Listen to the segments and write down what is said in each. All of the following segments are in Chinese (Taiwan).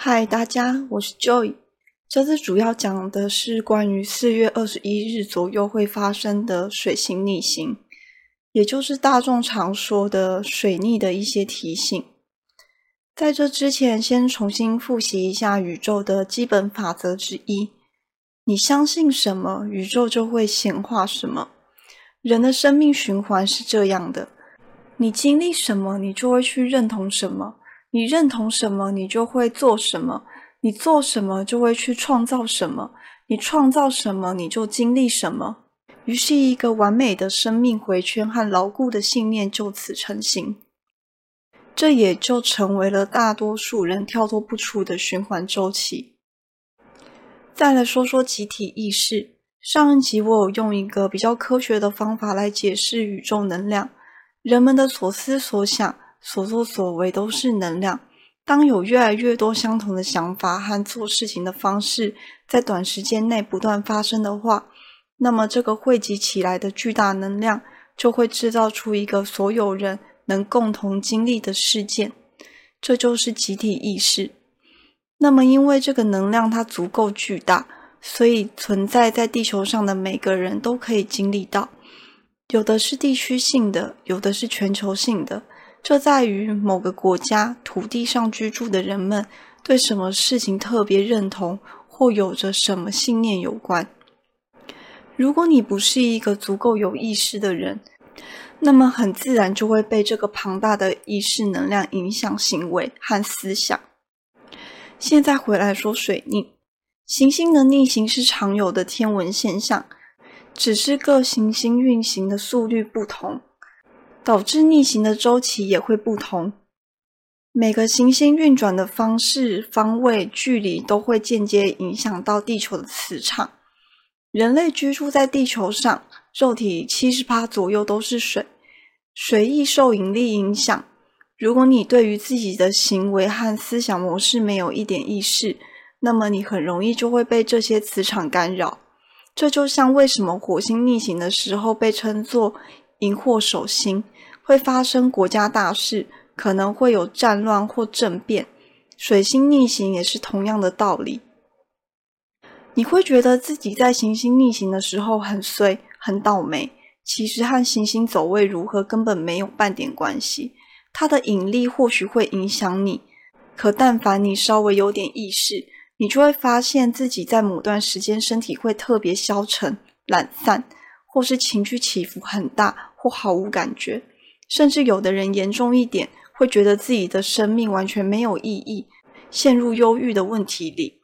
嗨，Hi, 大家，我是 Joy。這次主要講的是關於四月二十一日左右會發生的水星逆行，也就是大眾常說的水逆的一些提醒。在這之前，先重新複習一下宇宙的基本法則之一：你相信什麼，宇宙就會顯化什麼。人的生命循環是這樣的：你經歷什麼，你就會去認同什麼。你認同什麼，你就會做什麼；你做什麼，就會去創造什麼；你創造什麼，你就經歷什麼。於是，一個完美的生命回圈和牢固的信念就此成型。這也就成為了大多數人跳脫不出的循環周期。再來說說集體意識。上一集我有用一個比較科學的方法來解釋宇宙能量，人們的所思所想。所作所為都是能量。當有越來越多相同的想法和做事情的方式在短時間內不斷發生的話，那麼這個匯集起來的巨大能量就會製造出一個所有人能共同經歷的事件。這就是集體意識。那麼，因為這個能量它足夠巨大，所以存在在地球上的每個人都可以經歷到。有的是地區性的，有的是全球性的。這在於某個國家土地上居住的人們對什麼事情特別認同，或有着什麼信念有關。如果你不是一個足夠有意識的人，那麼很自然就會被這個龐大的意識能量影響行為和思想。現在回來說水逆，行星的逆行是常有的天文現象，只是各行星運行的速率不同。導致逆行的週期也會不同，每個行星運轉的方式、方位、距離都會間接影響到地球的磁場。人類居住在地球上，肉體七十趴左右都是水，水易受引力影響。如果你對於自己的行為和思想模式沒有一點意識，那麼你很容易就會被這些磁場干擾。這就像為什麼火星逆行的時候被稱作“熒惑守心”。會發生國家大事，可能會有戰亂或政變。水星逆行也是同樣的道理。你會覺得自己在行星逆行的時候很衰、很倒霉，其實和行星走位如何根本沒有半點關係。它的引力或許會影響你，可但凡你稍微有點意識，你就會發現自己在某段時間身體會特別消沉、懶散，或是情緒起伏很大，或毫無感覺。甚至有的人嚴重一點，會覺得自己的生命完全沒有意義，陷入憂鬱的問題裡。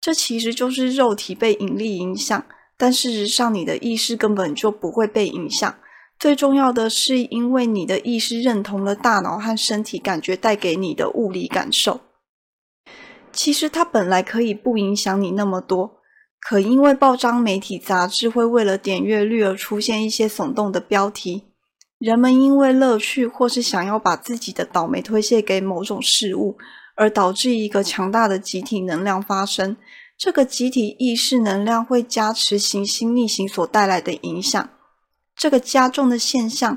這其實就是肉體被引力影響，但事實上你的意識根本就不會被影響，最重要的是因為你的意識認同了大腦和身體感覺帶給你的物理感受。其實它本來可以不影響你那麼多，可因為報章媒體雜誌會為了點閱率而出現一些聳動的標題。人們因為樂趣或是想要把自己的倒霉推卸給某種事物，而導致一個強大的集體能量發生。這個集體意識能量會加持行星逆行所帶來的影響。這個加重的現象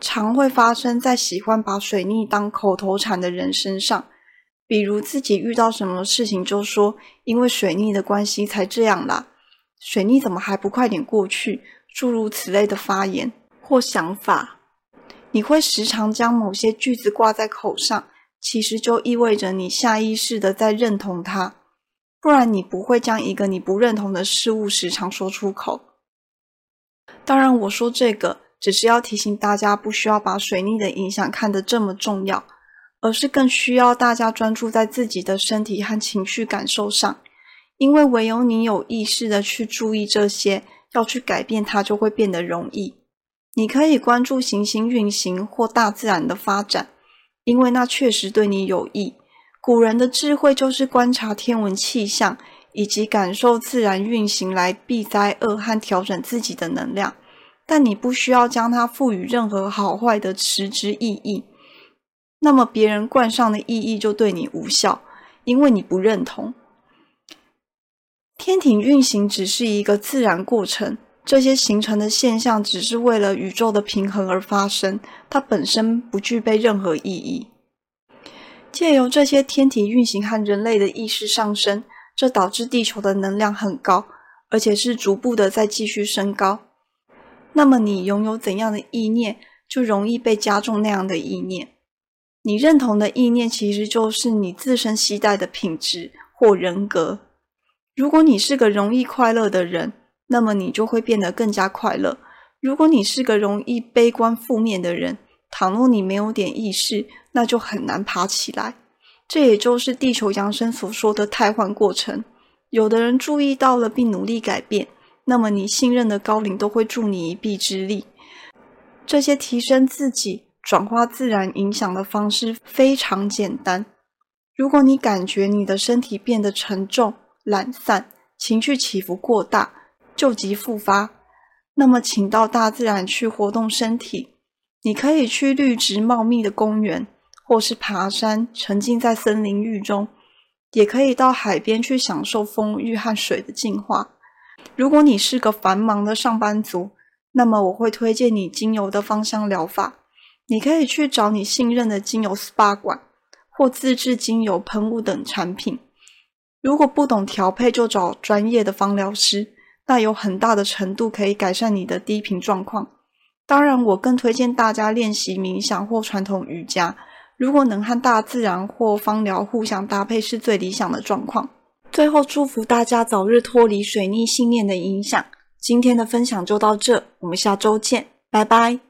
常會發生在喜歡把水逆當口頭禪的人身上，比如自己遇到什麼事情就說“因為水逆的關係才這樣啦”，“水逆怎麼還不快點過去”諸如此類的發言。或想法，你會時常將某些句子掛在口上，其實就意味着你下意識的在認同它，不然你不會將一個你不認同的事物時常說出口。當然，我說這個只是要提醒大家，不需要把水逆的影響看得這麼重要，而是更需要大家專注在自己的身體和情緒感受上，因為唯有你有意識的去注意這些，要去改變它，就會變得容易。你可以關注行星運行或大自然的發展，因為那確實對你有益。古人的智慧就是觀察天文氣象以及感受自然運行來避災厄和調整自己的能量。但你不需要將它賦予任何好壞的實質意義。那麼別人冠上的意義就對你無效，因為你不認同。天體運行只是一個自然過程。這些形成的現象只是為了宇宙的平衡而發生，它本身不具備任何意義。借由這些天體運行和人類的意識上升，這導致地球的能量很高，而且是逐步的在繼續升高。那麼，你擁有怎樣的意念，就容易被加重那樣的意念。你認同的意念，其實就是你自身攜帶的品質或人格。如果你是個容易快樂的人。那麼你就會變得更加快樂。如果你是個容易悲觀負面的人，倘若你沒有點意識，那就很難爬起來。這也就是地球揚升所說的汰換過程。有的人注意到了並努力改變，那麼你信任的高靈都會助你一臂之力。這些提升自己、轉化自然影響的方式非常簡單。如果你感覺你的身體變得沉重、懶散，情緒起伏過大，舊疾復發，那麼請到大自然去活動身體。你可以去綠植茂密的公園，或是爬山，沉浸在森林浴中；也可以到海邊去享受風浴和水的淨化。如果你是個繁忙的上班族，那麼我會推薦你精油的芳香療法。你可以去找你信任的精油 SPA 館，或自製精油噴霧等產品。如果不懂調配，就找專業的芳療師。但有很大的程度可以改善你的低頻狀況。當然，我更推薦大家練習冥想或傳統瑜伽。如果能和大自然或芳療互相搭配，是最理想的狀況。最後，祝福大家早日脫離水逆信念的影響。今天的分享就到這，我們下周見，拜拜。